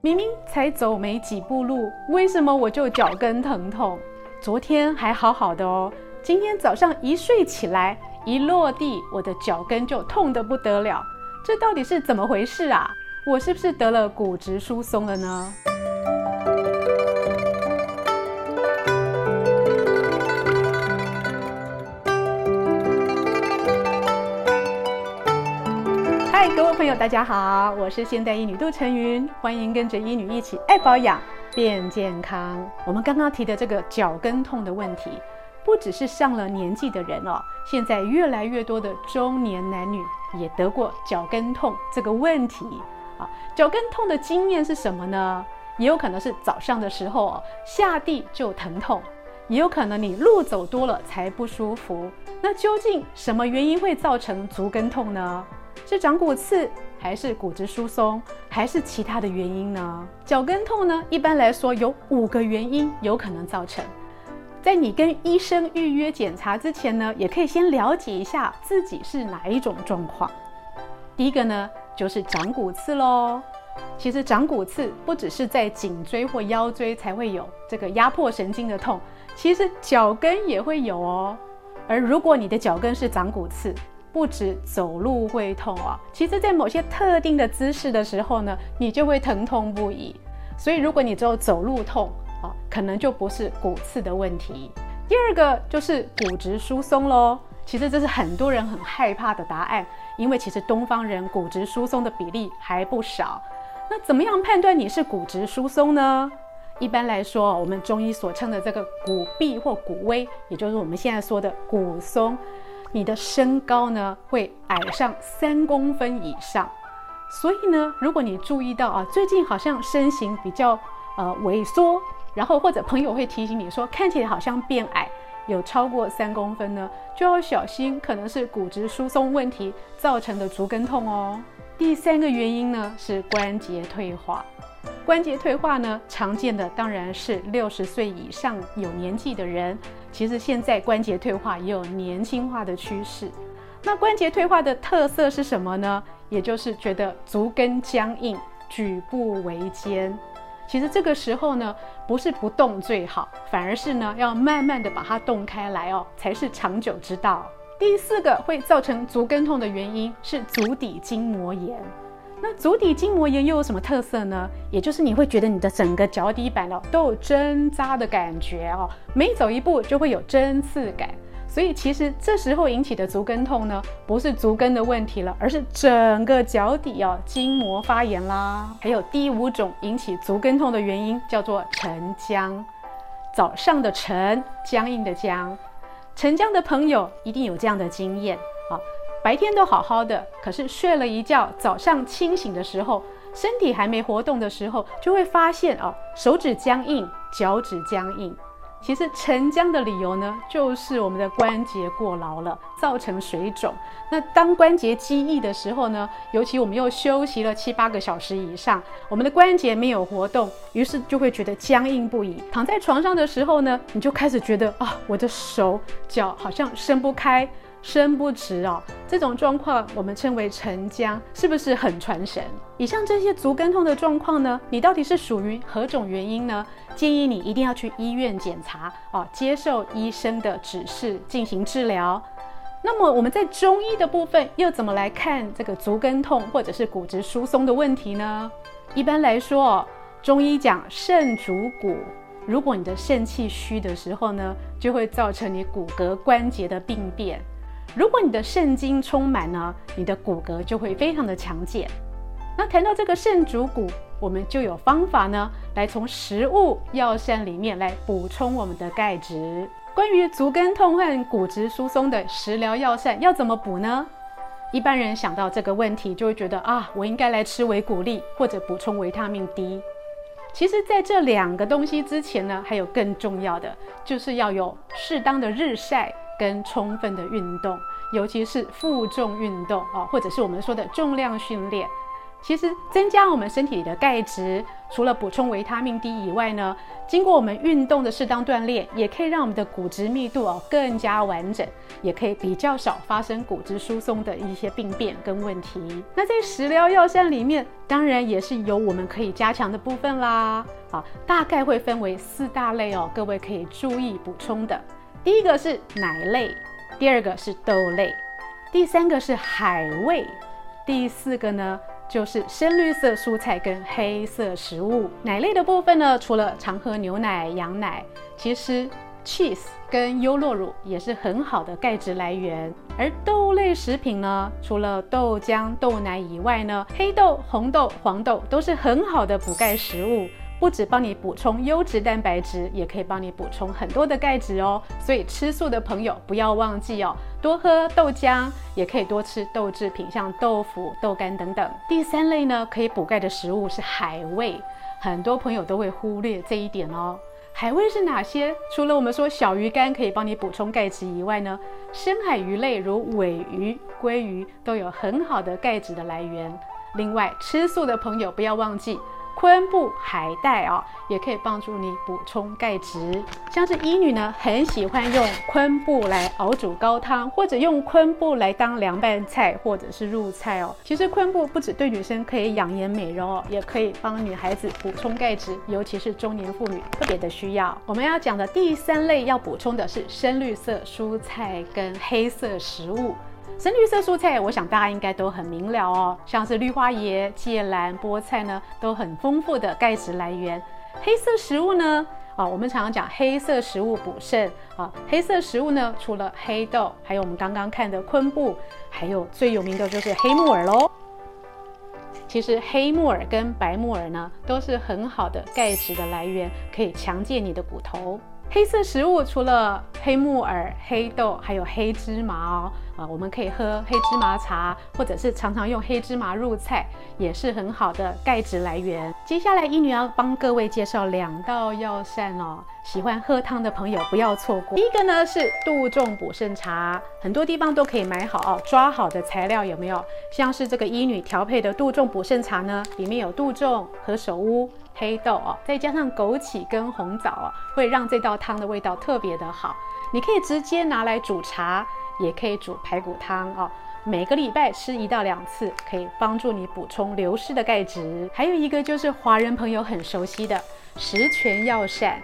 明明才走沒幾步路，為什麼我就腳跟疼痛？昨天還好好的哦，今天早上一睡起來，一落地，我的腳跟就痛得不得了。這到底是怎麼回事啊？我是不是得了骨質疏鬆了呢？嗨，各位朋友，大家好，我是現代醫女杜丞蕓，歡迎跟着醫女一起愛保養變健康。 我們剛剛提的這個腳跟痛的問題，不只是上了年紀的人哦，現在越來越多的中年男女也得過腳跟痛這個問題啊。腳跟痛的經驗是什麼呢？也有可能是早上的時候哦，下地就疼痛，也有可能你路走多了才不舒服。那究竟什麼原因會造成足跟痛呢？是長骨刺，還是骨質疏鬆，還是其他的原因呢？腳跟痛呢，一般來說有五個原因有可能造成。在你跟醫生預約檢查之前呢，也可以先了解一下自己是哪一種狀況。第一個呢，就是長骨刺嘍。其實長骨刺不只是在頸椎或腰椎才會有這個壓迫神經的痛，其實腳跟也會有哦。而如果你的腳跟是長骨刺，不止走路會痛啊，其實在某些特定的姿勢的時候呢，你就會疼痛不已。所以如果你只有走路痛啊，可能就不是骨刺的問題。第二個就是骨質疏鬆嘍。其實這是很多人很害怕的答案，因為其實東方人骨質疏鬆的比例還不少。那怎麼樣判斷你是骨質疏鬆呢？一般來說，我們中醫所稱的這個骨痺或骨痿，也就是我們現在說的骨鬆。你的身高呢，會矮上三公分以上，所以呢，如果你注意到啊，最近好像身形比較呃萎縮，然後或者朋友會提醒你說，看起來好像變矮，有超過三公分呢，就要小心可能是骨質疏鬆問題造成的足跟痛哦。第三個原因呢是關節退化。關節退化呢，常見的當然是六十歲以上有年紀的人，其實現在關節退化也有年輕化的趨勢。那關節退化的特色是什麼呢？也就是覺得足跟僵硬，舉步維艱。其實這個時候呢，不是不動最好，反而是呢要慢慢地把它動開來哦，才是長久之道。第四個會造成足跟痛的原因是足底筋膜炎。那足底筋膜炎又有什麼特色呢？也就是你會覺得你的整個腳底板都有針扎的感覺哦，每走一步就會有針刺感。所以其實這時候引起的足跟痛呢，不是足跟的問題了，而是整個腳底哦筋膜發炎啦。還有第五種引起足跟痛的原因叫做晨僵，早上的晨，僵硬的僵，晨僵的朋友一定有這樣的經驗。白天都好好的，可是睡了一覺，早上清醒的時候，身體還沒活動的時候，就會發現哦，手指僵硬，腳趾僵硬。其實晨僵的理由呢，就是我們的關節過勞了，造成水腫。那當關節積液的時候呢，尤其我們又休息了七八個小時以上，我們的關節沒有活動，於是就會覺得僵硬不已。躺在床上的時候呢，你就開始覺得啊，我的手腳好像伸不開。伸不直哦，這種狀況我們稱為晨僵，是不是很傳神？以上這些足跟痛的狀況呢，你到底是屬於何種原因呢？建議你一定要去醫院檢查哦，接受醫生的指示進行治療。那麼我們在中醫的部分又怎麼來看這個足跟痛或者是骨質疏鬆的問題呢？一般來說哦，中醫講腎主骨，如果你的腎氣虛的時候呢，就會造成你骨骼關節的病變。如果你的腎精充滿呢，你的骨骼就會非常的強健。那談到這個腎主骨，我們就有方法呢，來從食物藥膳裡面來補充我們的鈣質。關於足跟痛和骨質疏鬆的食療藥膳要怎麼補呢？一般人想到這個問題就會覺得啊，我應該來吃維骨力或者補充維他命 D。其實，在這兩個東西之前呢，還有更重要的，就是要有適當的日曬跟充分的運動。尤其是負重運動啊，或者是我們說的重量訓練，其實增加我們身體的鈣質，除了補充維他命 D 以外呢，經過我們運動的適當鍛鍊，也可以讓我們的骨質密度哦更加完整，也可以比較少發生骨質疏鬆的一些病變跟問題。那在食療藥膳裡面，當然也是有我們可以加強的部分啦，大概會分為四大類哦，各位可以注意補充的。第一個是奶類。第二個是豆類，第三個是海味，第四個呢就是深綠色蔬菜跟黑色食物。奶類的部分呢，除了常喝牛奶、羊奶，其實 cheese 跟優酪乳也是很好的鈣質來源。而豆類食品呢，除了豆漿、豆奶以外呢，黑豆、紅豆、黃豆都是很好的補鈣食物。不只幫你補充優質蛋白質，也可以幫你補充很多的鈣質哦。所以吃素的朋友不要忘記哦，多喝豆漿，也可以多吃豆製品，像豆腐、豆干等等。第三類呢，可以補鈣的食物是海味，很多朋友都會忽略這一點哦。海味是哪些？除了我們說小魚乾可以幫你補充鈣質以外呢，深海魚類如尾魚、鮭魚都有很好的鈣質的來源。另外，吃素的朋友不要忘記。昆布、海帶哦，也可以幫助你補充鈣質。像是醫女呢，很喜歡用昆布來熬煮高湯，或者用昆布來當涼拌菜，或者是入菜哦。其實昆布不止對女生可以養顏美容哦，也可以幫女孩子補充鈣質，尤其是中年婦女特別的需要。我們要講的第三類要補充的是深綠色蔬菜跟黑色食物。深綠色蔬菜，我想大家應該都很明了哦，像是綠花椰、芥藍、菠菜呢，都很豐富的鈣質來源。黑色食物呢，啊、哦，我們常常講黑色食物補腎啊，黑色食物呢，除了黑豆，還有我們剛剛看的昆布，還有最有名的就是黑木耳嘍。其實黑木耳跟白木耳呢，都是很好的鈣質的來源，可以強健你的骨頭。黑色食物除了黑木耳、黑豆，還有黑芝麻啊、哦呃，我們可以喝黑芝麻茶，或者是常常用黑芝麻入菜，也是很好的鈣質來源。接下來，醫女要幫各位介紹兩道藥膳哦，喜歡喝湯的朋友不要錯過。第一個呢是杜仲補腎茶，很多地方都可以買好哦，抓好的材料有沒有？像是這個醫女調配的杜仲補腎茶呢，裡面有杜仲和手、何首烏。黑豆哦，再加上枸杞跟紅棗哦，會讓這道湯的味道特別的好。你可以直接拿來煮茶，也可以煮排骨湯哦。每個禮拜吃一到兩次，可以幫助你補充流失的鈣質。還有一個就是華人朋友很熟悉的十全藥膳。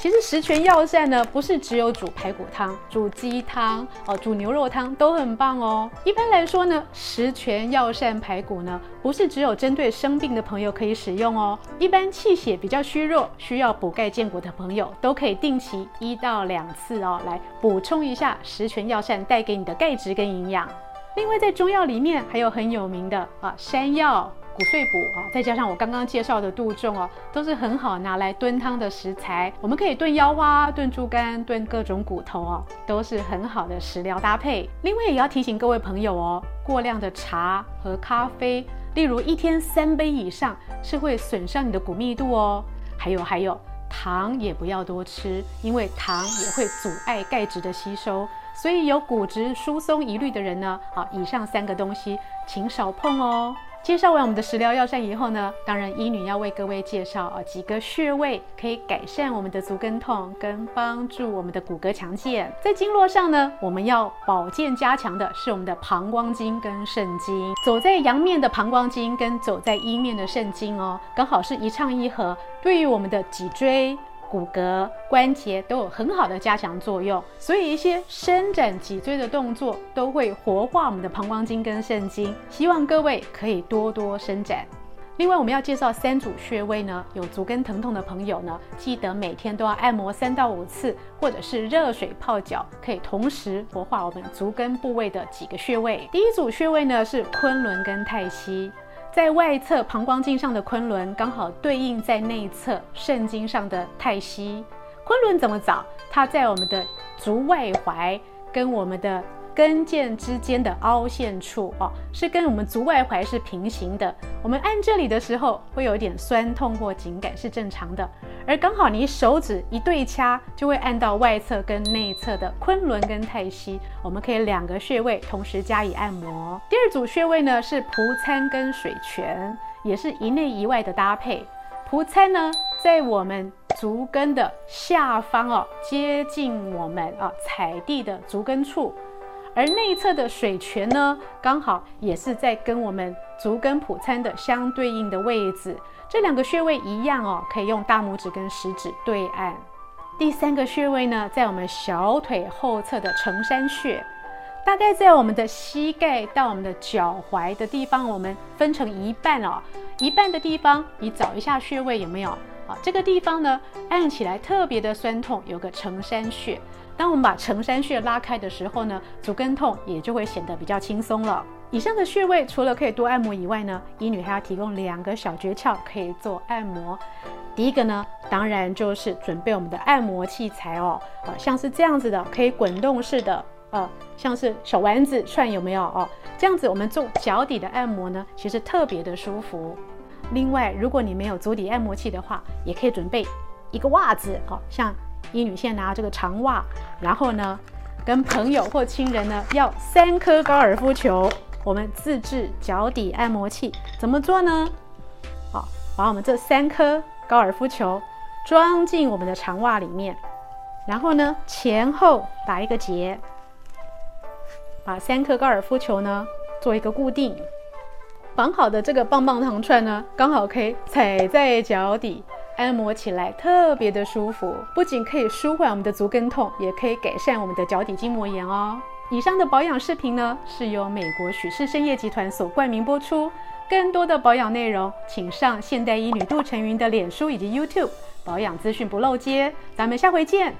其實十全藥膳呢，不是只有煮排骨湯、煮雞湯、哦煮牛肉湯都很棒哦。一般來說呢，十全藥膳排骨呢，不是只有針對生病的朋友可以使用哦。一般氣血比較虛弱、需要補鈣健骨的朋友，都可以定期一到兩次哦，來補充一下十全藥膳帶給你的鈣質跟營養。另外，在中藥裡面還有很有名的，啊，山藥。骨碎補，再加上我剛剛介紹的杜仲哦，都是很好拿來燉湯的食材。我們可以燉腰花、燉豬肝、燉各種骨頭哦，都是很好的食療搭配。另外也要提醒各位朋友哦，過量的茶和咖啡，例如一天三杯以上，是會損傷你的骨密度哦。還有還有，糖也不要多吃，因為糖也會阻礙鈣質的吸收。所以有骨質疏鬆疑慮的人呢，好，以上三個東西請少碰哦。介紹完我們的食療藥膳以後呢，當然醫女要為各位介紹啊幾個穴位，可以改善我們的足跟痛，跟幫助我們的骨骼強健。在經絡上呢，我們要保健加強的是我們的膀胱經跟腎經，走在陽面的膀胱經跟走在陰面的腎經哦，剛好是一唱一和，對於我們的脊椎，骨骼關節都有很好的加強作用，所以一些伸展脊椎的動作都會活化我們的膀胱經跟腎經。希望各位可以多多伸展。另外，我們要介紹三組穴位呢，有足跟疼痛的朋友呢，記得每天都要按摩三到五次，或者是熱水泡腳，可以同時活化我們足跟部位的幾個穴位。第一組穴位呢是崑崙跟太溪。在外側膀胱經上的昆崙，剛好對應在內側腎經上的太溪。昆崙怎麼找？它在我們的足外踝跟我們的。跟腱之間的凹陷處哦，是跟我們足外踝是平行的。我們按這裡的時候，會有點酸痛或緊感是正常的。而剛好你手指一對掐，就會按到外側跟內側的崑崙跟太溪，我們可以兩個穴位同時加以按摩哦。第二組穴位呢是僕參跟水泉，也是一內一外的搭配。僕參呢在我們足跟的下方哦，接近我們啊踩地的足跟處。而內側的水泉呢，剛好也是在跟我們足跟僕參的相對應的位置，這兩個穴位一樣哦，可以用大拇指跟食指對按。第三個穴位呢，在我們小腿後側的承山穴，大概在我們的膝蓋到我們的腳踝的地方，我們分成一半哦，一半的地方你找一下穴位有沒有？這個地方呢，按起來特別的酸痛，有個承山穴。當我們把承山穴拉開的時候呢，足跟痛也就會顯得比較輕鬆了。以上的穴位除了可以多按摩以外呢，醫女還要提供兩個小訣竅可以做按摩。第一個呢，當然就是準備我們的按摩器材哦，呃，像是這樣子的，可以滾動式的，呃，像是小丸子串有沒有哦？這樣子我們做腳底的按摩呢，其實特別的舒服。另外，如果你沒有足底按摩器的話，也可以準備一個襪子哦，像醫女現在拿這個長襪。然後呢，跟朋友或親人呢，要三顆高爾夫球。我們自製腳底按摩器怎麼做呢？好、哦，把我們這三顆高爾夫球裝進我們的長襪裡面，然後呢，前後打一個結，把三顆高爾夫球呢做一個固定。綁好的這個棒棒糖串呢，剛好可以踩在腳底，按摩起來特別的舒服，不僅可以舒緩我們的足跟痛，也可以改善我們的腳底筋膜炎哦。以上的保養視頻呢，是由美國許氏參業集團所冠名播出。更多的保養內容，請上現代醫女杜丞蕓的臉書以及 YouTube 保養資訊不漏接。咱們下回見。